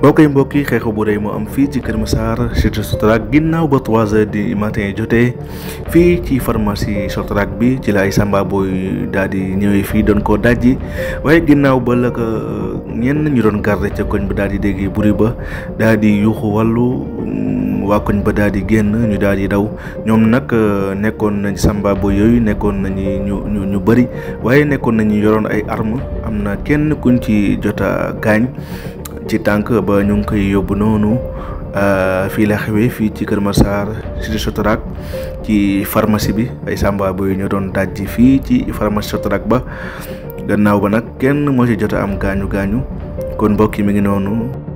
boo koy mbokk yi xeexu bu rëy moo am fii ci Kër Massar cité Sotrac ginnaaw ba trois heures di matin jotee fii ci pharmacie Sotrac bi ci la ay samba booy daal di ñëwee fii doon ko koo dajji waaye ginnaaw ba la ko euh, ñenn ñu doon garder ca koñ ba daal di déggee buri ba daal di yuuxu wallu mm, waa koñ ba daal di génn ñu daal di daw ñoom nag euh, nekkoon nañ samba booy yooyu nekkoon nañu ñu ñu bëri waaye nekkoon nañu yoroon ay armes am na kenn kuñ ci jota gaañ. ci tànk ba ñu ngi koy yóbbu noonu euh, fii la xewee fii ci Kër Massar ci Sotrac ci pharmacie bi ay samba boy ñoo doon dajji fii ci pharmacie Sotrac ba gannaaw ba nag kenn moo si jot a am gaañu gaañu kon mbokk yi mi ngi noonu.